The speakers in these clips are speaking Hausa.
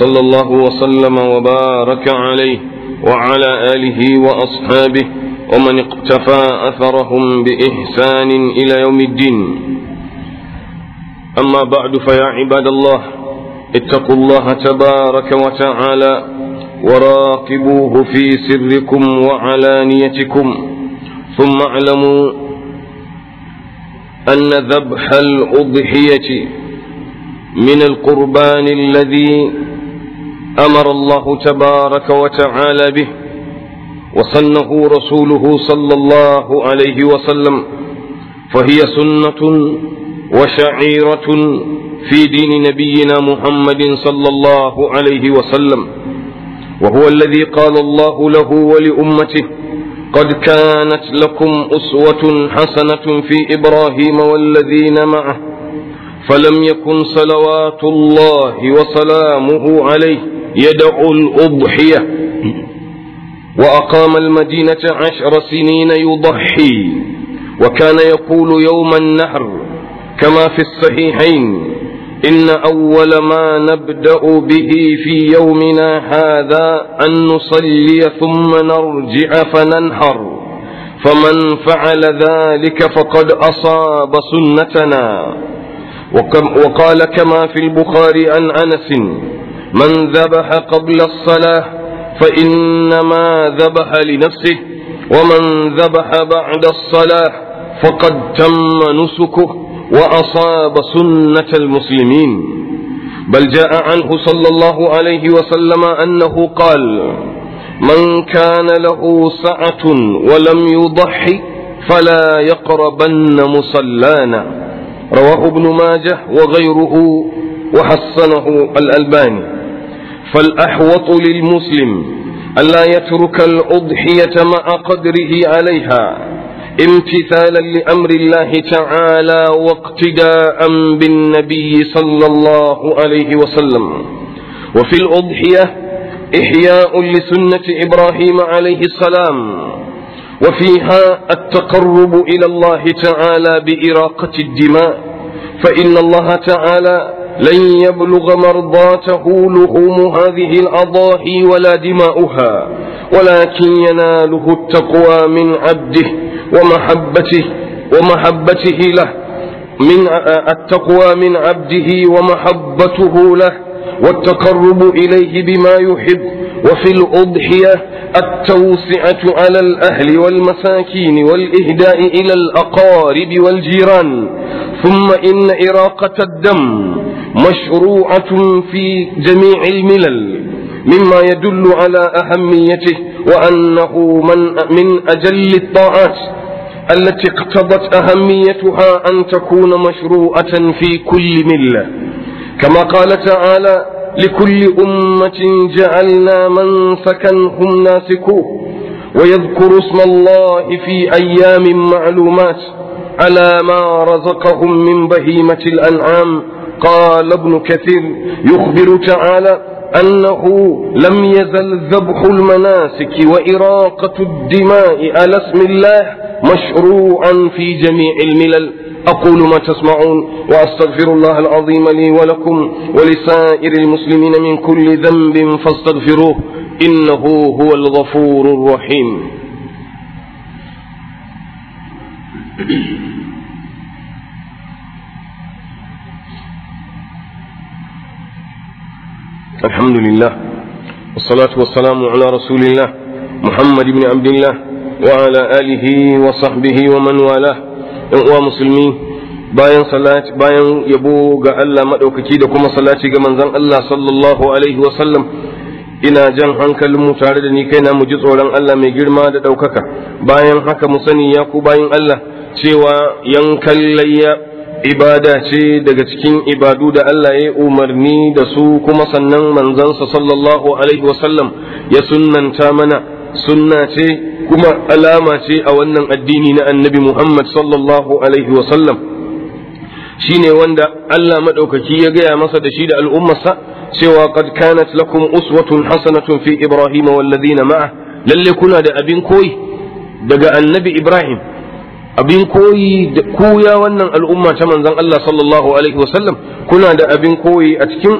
صلى الله وسلم وبارك عليه وعلى آله وأصحابه ومن اقتفى أثرهم بإحسان إلى يوم الدين أما بعد فيا عباد الله اتقوا الله تبارك وتعالى وراقبوه في سركم وعلانيتكم ثم اعلموا أن ذبح الأضحية من القربان الذي امر الله تبارك وتعالى به وصنه رسوله صلى الله عليه وسلم فهي سنه وشعيره في دين نبينا محمد صلى الله عليه وسلم وهو الذي قال الله له ولامته قد كانت لكم اسوه حسنه في ابراهيم والذين معه فلم يكن صلوات الله وسلامه عليه يدعو الأضحية وأقام المدينة عشر سنين يضحي وكان يقول يوم النحر كما في الصحيحين إن أول ما نبدأ به في يومنا هذا أن نصلي ثم نرجع فننحر فمن فعل ذلك فقد أصاب سنتنا وقال كما في البخاري عن أنس من ذبح قبل الصلاة فإنما ذبح لنفسه ومن ذبح بعد الصلاة فقد تم نسكه وأصاب سنة المسلمين بل جاء عنه صلى الله عليه وسلم أنه قال من كان له سعة ولم يضحي فلا يقربن مصلانا رواه ابن ماجه وغيره وحسنه الألباني فالأحوط للمسلم ألا يترك الأضحية مع قدره عليها امتثالا لأمر الله تعالى واقتداء بالنبي صلى الله عليه وسلم وفي الأضحية إحياء لسنة إبراهيم عليه السلام وفيها التقرب إلى الله تعالى بإراقة الدماء فإن الله تعالى لن يبلغ مرضاته لحوم هذه الأضاحي ولا دماؤها ولكن يناله التقوى من عبده ومحبته ومحبته له من التقوى من عبده ومحبته له والتقرب إليه بما يحب وفي الأضحية التوسعة على الأهل والمساكين والإهداء إلى الأقارب والجيران ثم إن إراقة الدم مشروعة في جميع الملل مما يدل على أهميته وأنه من, من أجل الطاعات التي اقتضت أهميتها أن تكون مشروعة في كل ملة كما قال تعالى لكل أمة جعلنا من سكنهم ناسكوه ويذكر اسم الله في أيام معلومات على ما رزقهم من بهيمة الأنعام قال ابن كثير يخبر تعالى أنه لم يزل ذبح المناسك وإراقة الدماء على اسم الله مشروعا في جميع الملل أقول ما تسمعون وأستغفر الله العظيم لي ولكم ولسائر المسلمين من كل ذنب فاستغفروه إنه هو الغفور الرحيم الحمد لله والصلاة والسلام على رسول الله محمد بن عبد الله وعلى آله وصحبه ومن والاه uwa musulmi bayan salati bayan yabo ga Allah maɗaukaki da kuma salati ga manzon Allah sallallahu alaihi wa sallam ina jan hankalin mu tare da ni kaina mu ji tsoron Allah mai girma da ɗaukaka bayan haka mu sani ya ku bayan Allah cewa yankan layya ibada ce daga cikin ibadu da Allah ya umarni da su kuma sannan manzansa sallallahu alaihi wasallam ya sunnanta mana sunna ce kuma alama ce a wannan addini na annabi Muhammad sallallahu alaihi wasallam shi ne wanda Allah maɗaukaki ya gaya masa da shi da al'ummarsa cewa qad kanat lakum uswatun hasanatun fi ibrahima wallazina ma'a lalle kuna da abin koyi daga annabi ibrahim abin koyi da kuya wannan al'umma ta manzon Allah sallallahu alaihi wasallam kuna da abin koyi a cikin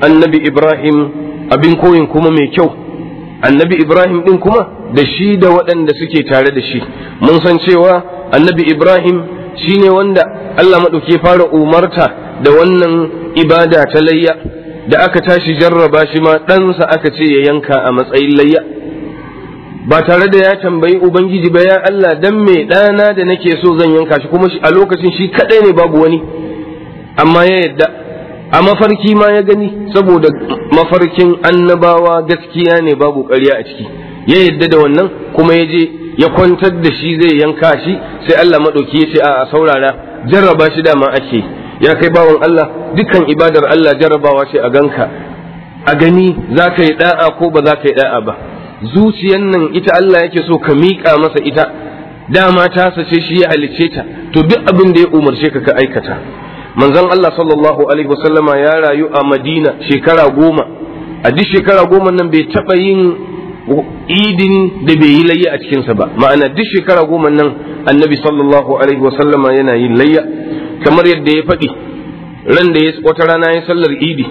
annabi Ibrahim abin koyin kuma mai kyau annabi Ibrahim din kuma da shi da waɗanda suke tare da shi mun san cewa annabi Ibrahim shine wanda Allah maɗauki fara umarta da wannan ibada ta layya da aka tashi jarraba shi ma ɗansa aka ce ya yanka a matsayin layya ba tare da ya tambayi ubangiji ba ya Allah dan me dana da nake so zan yanka shi kuma a lokacin shi kaɗai ne babu wani amma ya yadda a mafarki ma ya gani saboda mafarkin annabawa gaskiya ne babu ƙarya a ciki ya yadda da wannan kuma ya je ya kwantar da shi zai yanka shi sai Allah madauki ya ce a saurara jarraba shi dama ake ya kai bawan Allah dukkan ibadar Allah jarrabawa ce a ganka a gani za ka yi da'a ko ba za ka yi da'a ba zuciyan nan ita Allah yake so ka miƙa masa ita dama ta sace shi ya halicce ta to duk abin da ya umarce ka ka aikata manzon Allah sallallahu alaihi wasallama ya rayu a Madina shekara goma a duk shekara goma nan bai taɓa yin idin da bai yi layya a cikinsa ba ma'ana duk shekara goma nan annabi sallallahu alaihi wasallama yana yin layya kamar yadda ya faɗi ran da wata rana ya sallar idi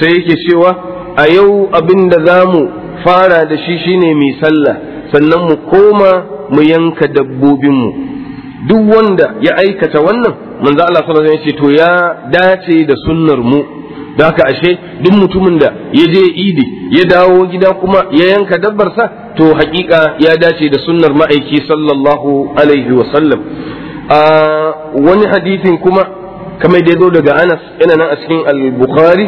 sai yake cewa a yau abin da za mu fara da shi shine mai sallah sannan mu koma mu yanka dabbobinmu duk wanda ya aikata wannan manzo Allah sallallahu alaihi wasallam to ya dace da sunnar mu da haka ashe duk mutumin da ya je idi ya dawo gida kuma ya yanka dabbarsa to hakika ya dace da sunnar ma'aiki sallallahu alaihi wasallam a wani hadithin kuma kamar da ya zo daga Anas yana nan a cikin al-Bukhari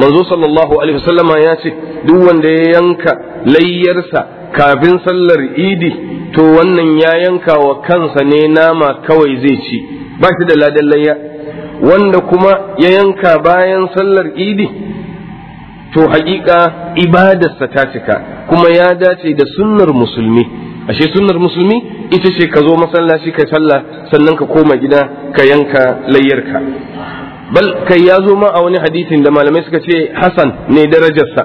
manzo sallallahu alaihi wasallama ya ce duk wanda ya yanka layyarsa kafin sallar idi to wannan ya yanka wa kansa ne nama kawai zai ci ba shi da ladan layya wanda kuma ya yanka bayan sallar idi to haƙiƙa ibadarsa ta cika kuma ya dace da sunnar musulmi ashe sunnar musulmi ita ce ka zo masallaci ka sallah sannan ka koma gida ka yanka layyarka bal kai ya zo ma a wani hadisin da malamai suka ce hasan ne darajarsa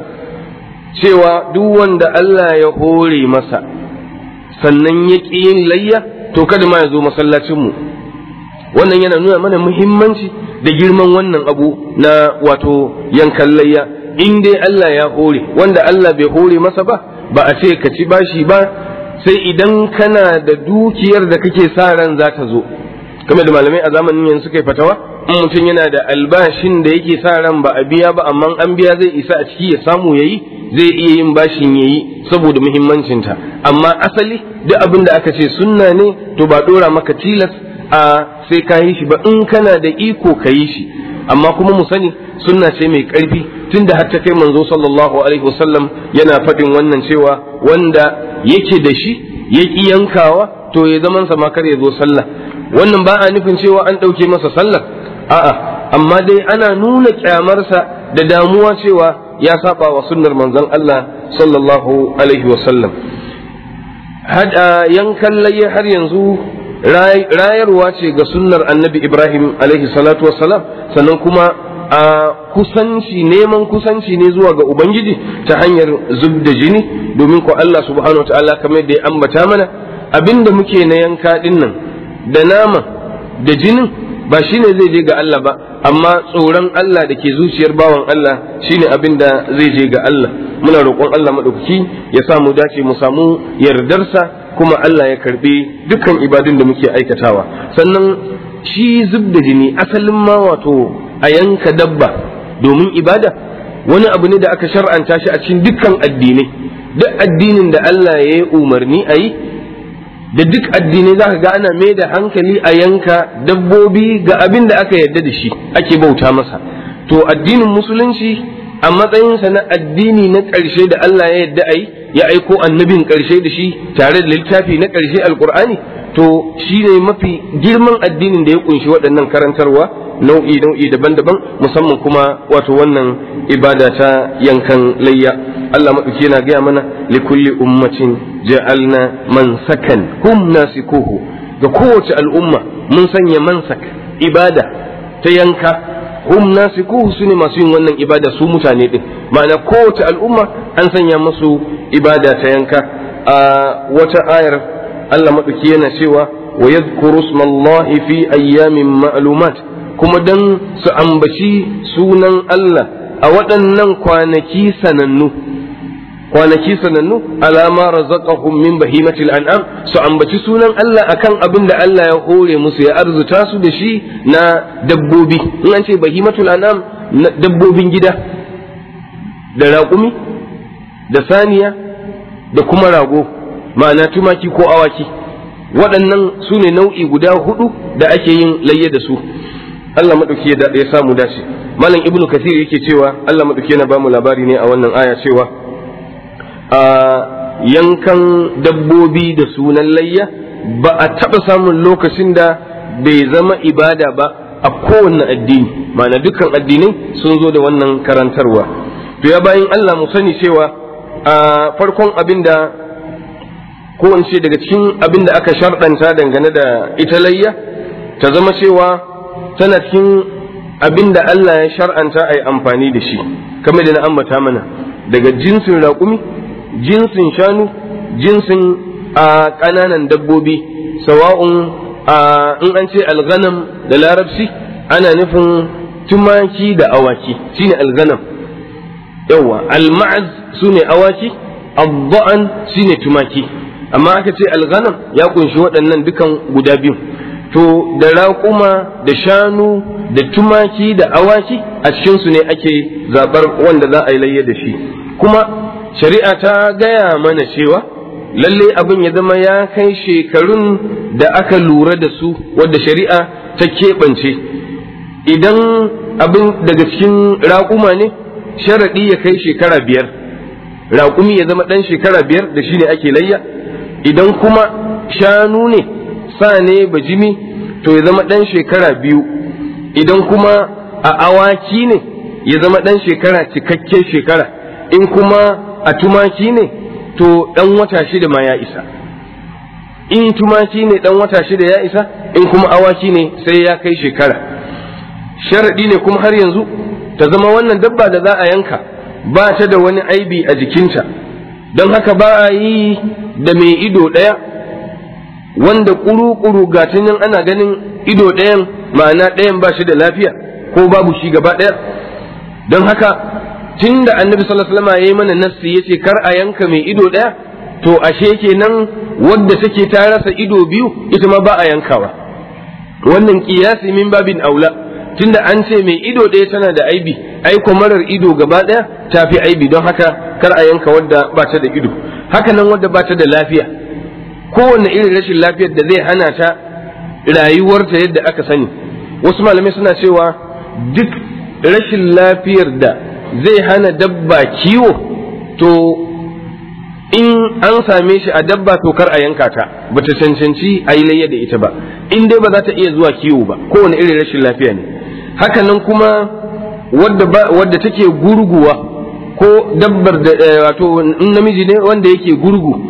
cewa duk wanda Allah ya hore masa sannan ya ƙi yin layya to kada ma ya zo masallacinmu wannan yana nuna mana muhimmanci da girman wannan abu na wato yankan layya in dai Allah ya hore wanda Allah bai hore masa ba ba a ce ka ci bashi ba sai idan kana da dukiyar da kake sa ran za ta zo kamar da malamai a zamanin yanzu suka yi fatawa in mutum yana da albashin da yake sa ran ba a biya ba amma an biya zai isa a ciki ya samu yayi zai iya yin bashin yayi saboda muhimmancinta amma asali duk abin da aka ce sunna ne to ba dora maka tilas a sai ka yi shi ba in kana da iko ka yi shi amma kuma mu sani sunna ce mai karfi tunda har ta kai manzo sallallahu alaihi wasallam yana faɗin wannan cewa wanda yake da shi ya ki yankawa to ya zaman sa ma kar ya zo sallah wannan ba a nufin cewa an ɗauke masa sallah a'a amma dai ana nuna kyamarsa da damuwa cewa ya saba wa sunnar manzon Allah sallallahu alaihi wa sallam hada yan layya har yanzu rayarwa ce ga sunnar annabi Ibrahim alaihi salatu wassalam sannan kuma a kusanci neman kusanci ne zuwa ga ubangiji ta hanyar zub da jini domin ko Allah subhanahu wa ta'ala kamar da ya ambata mana abinda muke na yanka dinnan da nama da jinin ba shi ne zai je ga Allah ba amma tsoron Allah da ke zuciyar bawan Allah shine abin da zai je ga Allah muna roƙon Allah maɗauki ya sa mu dace mu samu yardarsa kuma Allah ya karɓi dukkan ibadun da muke aikatawa sannan shi zub da jini asalin ma wato a yanka dabba domin ibada wani abu ne da aka shar'anta shi a cikin dukkan addinai duk addinin da Allah ya yi umarni a yi da duk addinai za ka ga ana mai da hankali a yanka dabbobi ga abin da aka yarda da shi ake bauta masa to addinin musulunci a matsayinsa na addini na ƙarshe da Allah ya yadda ai ya aiko annabin ƙarshe da shi tare da littafi na ƙarshe alƙur'ani to shi ne mafi girman addinin da ya kunshi waɗannan karantarwa nau'i nau'i daban-daban musamman kuma wato wannan ibada ta yankan layya Allah maɗauki yana gaya mana likulli ummatin ja'alna man sakan hum nasikuhu ga kowace al'umma mun sanya man mansak ibada ta yanka hum nasikuhu su ne masu yin wannan ibada su mutane din ma'ana kowace al'umma an sanya musu ibada ta yanka a wata ayar Allah maɗuki yana cewa wa yadhkuru smallahi fi ayyamin ma'lumat kuma dan su ambaci sunan Allah a waɗannan kwanaki sanannu kwanaki sanannu alama razaqahum min bahimatil an'am su ambaci sunan Allah akan abin da Allah ya hore musu ya arzuta su da shi na dabbobi in an ce bahimatul an'am na dabbobin gida da raƙumi da saniya da kuma rago ma'ana tumaki ko awaki waɗannan su ne nau'i guda hudu da ake yin layya da su Allah maɗauki ya samu dace malam ibnu kasir yake cewa Allah maɗauki yana ba mu labari ne a wannan aya cewa a yankan dabbobi da sunan layya ba a taɓa samun lokacin da bai zama ibada ba a kowanne addini mana dukkan addinai sun zo da wannan karantarwa to ya bayan Allah mu sani cewa a farkon abin ko in ce daga cikin abin aka sharɗanta dangane da ita layya ta zama cewa tana cikin abinda Allah ya shar'anta a yi amfani da shi kamar da na ambata mana daga jinsin raƙumi jinsin shanu jinsin a ƙananan dabbobi sawa'un in an ce alganam da larabci ana nufin tumaki da awaki shine alganam yawa alma'az su ne awaki abba'an ne tumaki amma aka ce alganam ya kunshi waɗannan dukan guda biyu to da raƙuma da shanu da tumaki da awaki a cikinsu ne ake zaɓar wanda za a yi layya da shi kuma shari'a ta gaya mana cewa lalle abin ya zama ya kai shekarun da aka lura da su wadda shari'a ta keɓance idan abin daga cikin raƙuma ne sharaɗi ya kai shekara biyar raƙumi ya zama ɗan shekara biyar da shi ne ake layya idan kuma shanu ne sa ne bajimi to ya zama ɗan shekara biyu idan kuma a awaki ne ya zama ɗan shekara cikakken shekara in kuma a tumaki ne to ɗan wata shida ma ya isa in tumaki ne ɗan wata shida ya isa in kuma awaki ne sai ya kai shekara sharaɗi ne kuma har yanzu ta zama wannan dabba da za a yanka ba ta da wani aibi a jikinta don haka ba a yi da mai ido ɗaya wanda ƙuru-ƙuru gatanin ana ganin ido ɗayan ma'ana ɗayan ba shi da lafiya ko babu shi gaba ɗaya don haka tunda annabi sallallahu alaihi wasallam yayi mana nassi yace kar a yanka mai ido daya to ashe kenan wadda take ta rasa ido biyu ita ma ba a yankawa wannan kiyasi min babin aula tunda an ce mai ido ɗaya tana da aibi ai marar ido gaba ɗaya ta fi aibi don haka kar a yanka wadda ba ta da ido haka nan wadda ba ta da lafiya kowanne irin rashin lafiyar da zai hana ta rayuwarta yadda aka sani wasu malamai suna cewa duk rashin lafiyar da zai hana dabba kiwo to in an same shi a dabba to kar a yanka ta ba ta cancanci a yi layya da ita ba in dai ba za ta iya zuwa kiwo ba kowane irin rashin lafiya ne hakanan kuma wadda take gurguwa ko dabbar da eh, wato namiji ne wanda yake gurgu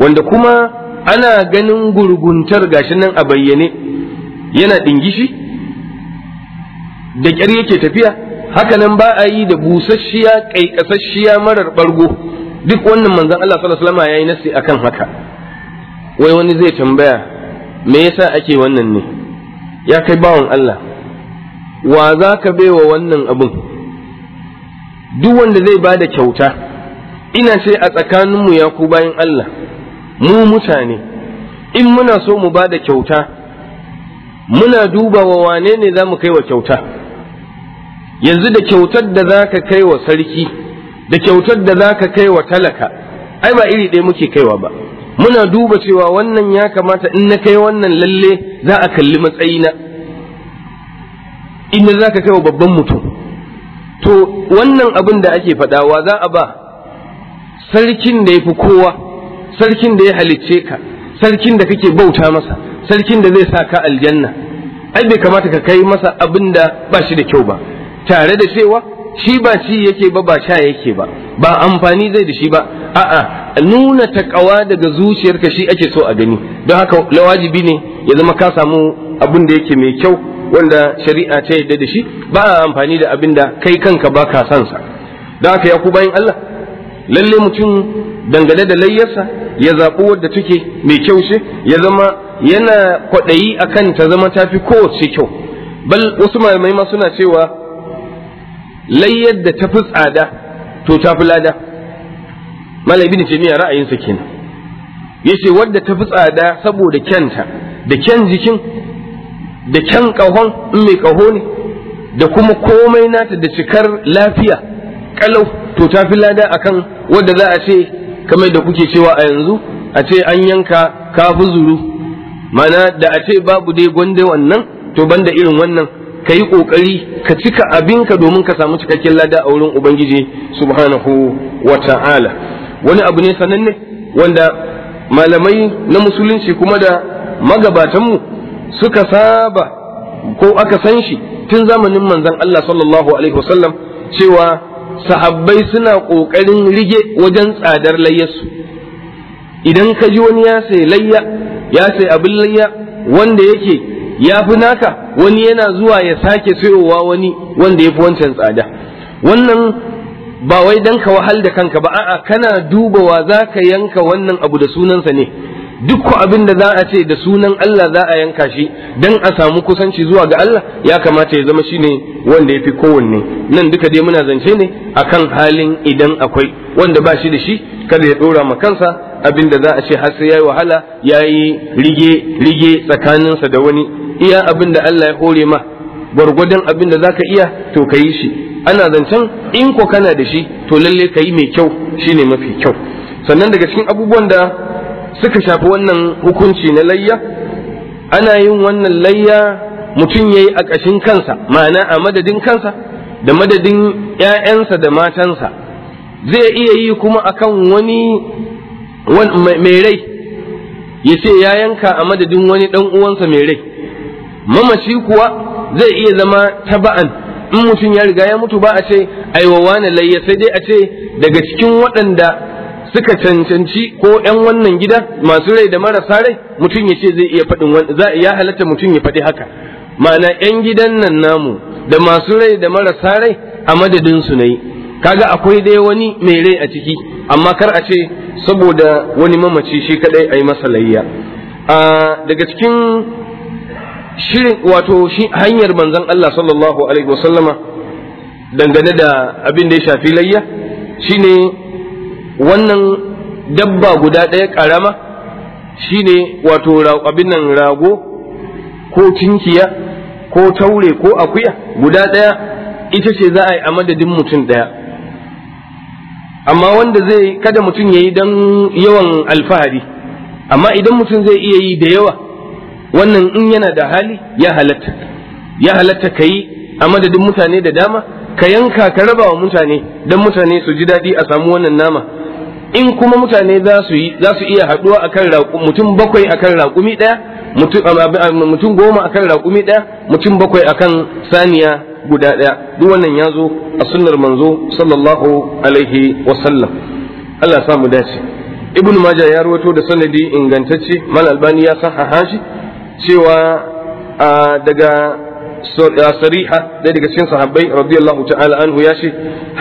wanda kuma ana ganin gurguntar gashi nan a bayyane yana dingishi da ƙyar yake tafiya hakanan ba a yi da busasshiya ƙaiƙasasshiya marar ɓargo duk wannan manzon Allah sallallahu alaihi wasallam yayi nasi akan haka wai wani zai tambaya me yasa ake wannan ne ya kai bawan Allah wa za ka baiwa wannan abun? duk wanda zai ba da kyauta ina ce a tsakaninmu ya ku bayan Allah mu mutane in muna so mu bada kyauta muna duba wa wane ne za mu kai wa kyauta yanzu da kyautar da za ka kai wa sarki da kyautar da za ka kai wa talaka ai ba iri ɗaya muke kaiwa ba muna duba cewa wannan ya kamata in na kai wannan lalle za a kalli matsayina inda za ka kai wa babban mutum to wannan abin da ake faɗawa za a ba sarkin da ya fi kowa sarkin da ya halicce ka sarkin da kake bauta masa sarkin da zai sa ka aljanna ai bai kamata ka kai masa abin da ba shi da kyau ba tare da cewa shi ba shi yake ba ba sha yake ba ba amfani zai da shi ba a'a nuna ta takawa daga zuciyarka shi ake so a gani don haka lawajibi ne ya zama ka samu abin da yake mai kyau wanda shari'a ta yadda da shi ba a amfani da abin da kai kanka ba ka san sa don haka ya ku bayan Allah lalle mutum dangane da layyarsa ya zaɓi wadda take mai kyau ce ya zama yana kwaɗayi akan ta zama tafi kowace kyau bal wasu malamai ma suna cewa layyar da ta fi tsada to ta fi lada malam ibn taymiya ra'ayinsa kenan yace wadda ta fi tsada saboda kyanta da kyan jikin da kyan ƙahon in mai ƙaho ne da kuma komai nata da cikar lafiya kalau to ta fi lada akan wadda za a ce kamar da kuke cewa a yanzu a ce an yanka kafi zuru mana da a ce babu dai gwanda wannan to banda irin wannan ka yi ƙoƙari ka cika abinka domin ka samu cikakken lada a wurin ubangiji subhanahu wa ta'ala wani abu ne sananne wanda malamai na musulunci kuma da magabatanmu suka saba ko aka san shi tun zamanin manzon Allah sallallahu alaihi wasallam cewa sahabbai suna ƙoƙarin rige wajen tsadar layyarsu idan ka ji wani ya sai layya ya sai abin layya wanda yake ya fi naka wani yana zuwa ya sake sayowa wani wanda ya fi wancan tsada wannan ba wai dan ka wahal da kanka ba a'a kana dubawa za ka yanka wannan abu da sunansa ne duk ko abin da za a ce da sunan Allah za a yanka shi dan a samu kusanci zuwa ga Allah ya kamata ya zama shine wanda ya fi kowanne nan duka dai muna zance ne akan halin idan akwai wanda ba shi da shi kada ya dora ma kansa abin da za a ce har sai yayi wahala yayi rige rige tsakaninsa da wani iya abin da Allah ya hore ma gwargwadon abin da za ka iya to ka yi shi ana zancen in ko kana da shi to lalle ka yi mai kyau shine mafi kyau sannan daga cikin abubuwan da suka shafi wannan hukunci na layya ana yin wannan layya mutum ya yi a ƙashin kansa ma'ana a madadin kansa da madadin 'ya'yansa da matansa zai iya yi kuma akan wani mai rai ya ce ya yanka a madadin wani ɗan uwansa mai rai mamaci kuwa zai iya zama taba'an in mutum ya riga ya mutu ba a ce aiwa na layya sai dai a ce daga cikin waɗanda suka cancanci ko ƴan wannan gida masu rai da marasa rai mutum ya ce zai iya faɗin za ya halatta mutum ya faɗi haka ma'ana ƴan gidan nan namu da masu rai da marasa rai a madadin su nayi kaga akwai dai wani mai rai a ciki amma kar a ce saboda wani mamaci shi kaɗai, a yi masa layya ah, daga cikin shirin wato hanyar manzon Allah sallallahu alaihi wasallama dangane da abin da ya shafi layya shine wannan dabba guda ɗaya ƙarama shine wato abin nan rago ko cinkiya ko taure ko akuya guda ɗaya ita ce za a yi a madadin mutum ɗaya amma wanda zai kada mutum ya yi don yawan alfahari amma idan mutum zai iya yi da yawa wannan in yana da hali ya halatta ya halatta ka yi a madadin mutane da dama ka yanka ka raba wa mutane don mutane su ji daɗi a samu wannan nama in kuma mutane za su yi za su iya haɗuwa akan raƙumi mutum bakwai akan raƙumi ɗaya mutum goma akan raƙumi ɗaya mutum bakwai akan saniya guda ɗaya duk wannan ya zo a sunnar manzo sallallahu alaihi wa sallam Allah samu dace ibn majah ya rawaito da sanadi ingantacce mal albani ya sahaha shi cewa daga sariha da daga cikin sahabbai radiyallahu ta'ala anhu ya ce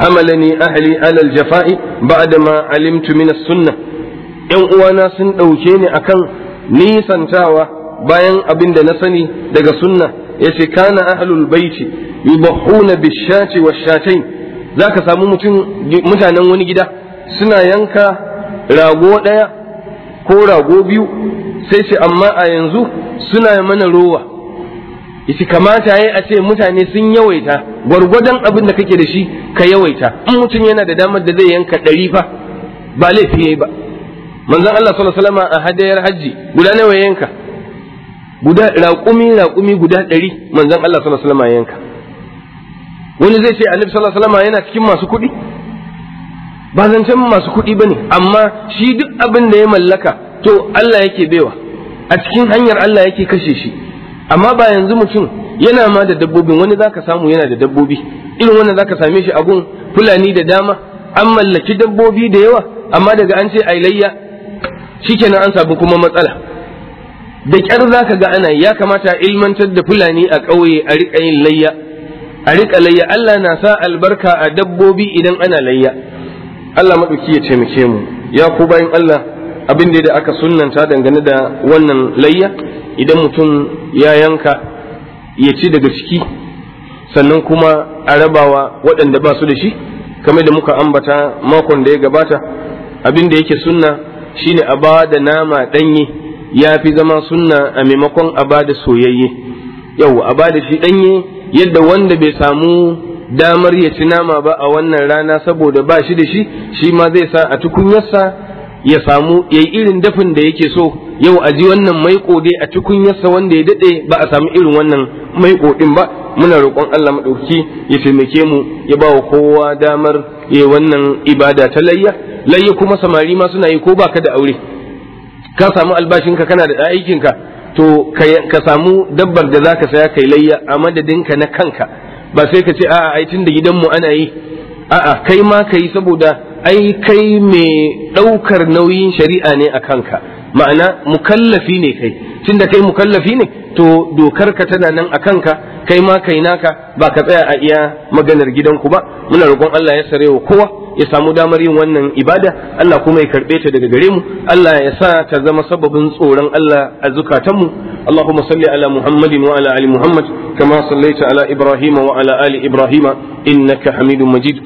hamalani ahli alal jafa'i ba'da ma alimtu min sunna yan uwana sun ɗauke ni akan nisantawa bayan abin da na sani daga sunna yace kana ahlul baiti yubahuna bishati washatain zaka samu mutanen wani gida suna yanka rago ɗaya ko rago biyu sai ce amma a yanzu suna mana rowa yace kamata yayi a ce mutane sun yawaita gwargwadon abin da kake da shi ka yawaita in mutum yana da damar da zai yanka ɗari fa ba laifi yayi ba manzon Allah sallallahu alaihi wasallam a hadayar hajji guda nawa yanka guda raƙumi raƙumi guda ɗari manzon Allah sallallahu alaihi wasallam yanka wani zai ce annabi sallallahu alaihi yana cikin masu kuɗi ba zancen masu kuɗi bane amma shi duk abin da ya mallaka to Allah yake baiwa a cikin hanyar Allah yake kashe shi amma ba yanzu mutum yana ma da dabbobin wani zaka samu yana da dabbobi irin wannan zaka same shi a gun fulani da dama an mallaki dabbobi da yawa amma daga an ce ailayya layya shikenan an sabu kuma matsala da kyar zaka ga ana ya kamata ilmantar da fulani a ƙauye a riƙa yin layya a riƙa layya Allah na sa albarka a dabbobi idan ana layya Allah maɗauki ya taimake mu ya ku bayin Allah abin da aka sunanta dangane da wannan layya idan mutum ya yanka ya ci daga ciki sannan kuma a rabawa waɗanda ba su da shi kamar da muka ambata makon da ya gabata abin da yake sunna shine a ba da nama ɗanye ya fi zama sunna a maimakon a ba da soyayye yau a ba da shi ɗanye yadda wanda bai samu damar ya ci nama ba a wannan rana saboda ba shi da shi shi ma zai sa a tukunyarsa ya samu ya yi irin dafin da yake so yau a ji wannan maiko dai a cikin yasa wanda ya daɗe ba a samu irin wannan maiko ɗin ba muna roƙon Allah maɗauki ya taimake mu ya ba wa kowa damar ya wannan ibada ta layya layya kuma samari ma suna yi ko ba ka da aure ka samu albashinka kana da aikinka to ka samu dabbar da za ka saya kai layya a madadinka na kanka ba sai ka ce a'a ai tun da gidanmu ana yi a'a kai ma ka yi saboda ai kai mai ɗaukar nauyin shari'a ne a kanka ma'ana mukallafi ne kai tunda kai mukallafi ne to dokar ka tana nan a kanka kai ma kai naka ba ka tsaya a iya maganar gidanku ba muna roƙon Allah ya sare wa kowa ya samu damar yin wannan ibada Allah kuma ya karɓe ta daga gare mu Allah ya sa ta zama sababin tsoron Allah a zukatanmu اللهم صل على محمد وعلى ال محمد كما صليت على ابراهيم وعلى ال ابراهيم انك حميد مجيد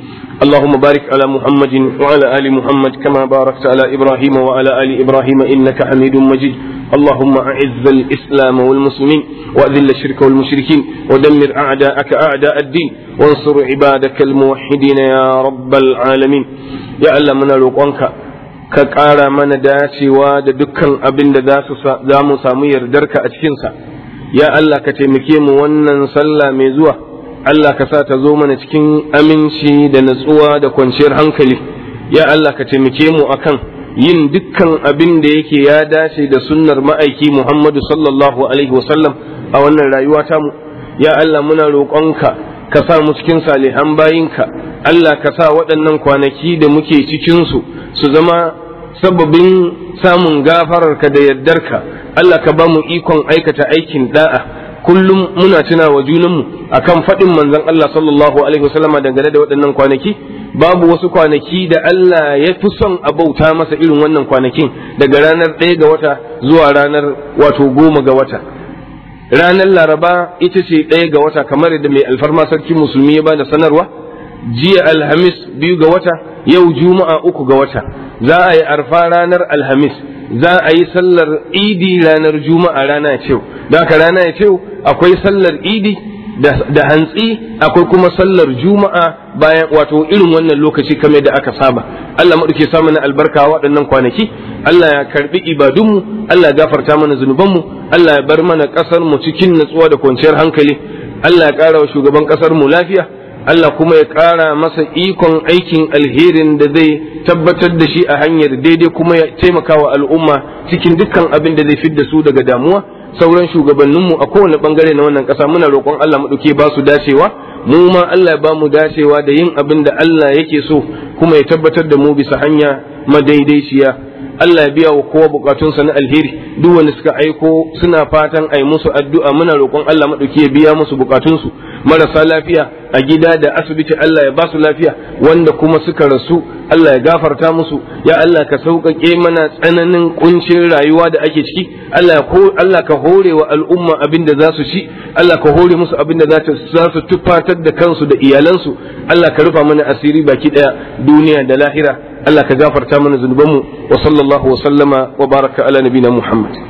اللهم بارك على محمد وعلى ال محمد كما باركت على ابراهيم وعلى ال ابراهيم انك حميد مجيد اللهم أعز الإسلام والمسلمين وأذل الشرك والمشركين ودمر أعداءك أعداء الدين وانصر عبادك الموحدين يا رب العالمين يا الله من الوقوانك كقال من داتي واد دكان أبن داسس دامو سامير درك أتكنسا يا الله كتمكيم ونن سلا ميزوة الله كسا أمين تكين أمنشي دنسوا دكوانشير هنكلي يا الله كتمكيم أكن yin dukkan abin da yake ya dace da sunnar ma'aiki Muhammadu sallallahu alaihi wasallam a wannan rayuwa mu. ya Allah muna roƙonka ka sa mu cikin salihan bayinka Allah ka sa waɗannan kwanaki da muke cikinsu su zama sababin samun gafararka da yardarka Allah ka ba mu ikon aikata aikin da'a kullum muna tuna wa junanmu akan faɗin manzon Allah sallallahu alaihi wasallama dangane da waɗannan kwanaki babu wasu kwanaki da Allah ya fi son a bauta masa irin wannan kwanakin daga ranar ɗaya ga wata zuwa ranar wato goma ga wata ranar laraba ita ce ɗaya ga wata kamar yadda mai alfarma sarki musulmi ya da sanarwa jiya alhamis biyu ga wata yau juma'a uku ga wata za a yi arfa ranar alhamis za a yi sallar idi ranar juma'a rana ya ce da haka rana ya ce akwai sallar idi da hantsi akwai kuma sallar juma'a bayan wato irin wannan lokaci kame da aka saba Allah maɗauke samu na albarka waɗannan kwanaki Allah ya karɓi ibadunmu Allah ya gafarta mana zunubanmu Allah ya bar mana ƙasar mu cikin natsuwa da kwanciyar hankali Allah ya ƙara wa shugaban ƙasar mu lafiya Allah kuma ya ƙara masa ikon aikin alherin da zai tabbatar da shi a hanyar daidai kuma ya taimaka wa al'umma cikin dukkan abin da zai fidda su daga damuwa sauran shugabanninmu a kowane bangare na wannan ƙasa muna roƙon Allah maɗauke ba su dacewa mu ma Allah ba mu dacewa da yin abin da Allah yake so kuma ya tabbatar da mu bisa hanya madaidaiciya Allah ya biya wa kowa bukatunsa na alheri duk wanda suka aiko suna fatan ai musu addu'a muna roƙon Allah maɗauki ya biya musu bukatunsu marasa lafiya a gida da asibiti Allah ya basu lafiya wanda kuma suka rasu Allah ya gafarta musu ya Allah ka sauƙaƙe mana tsananin kuncin rayuwa da ake ciki Allah ka hore wa al'umma abin da za su ci Allah ka hore musu abin da za su tufatar da kansu da iyalansu Allah ka rufa mana asiri baki ɗaya duniya da lahira Allah ka gafarta mana zunubanmu wa sallallahu wa sallama wa baraka ala nabina Muhammad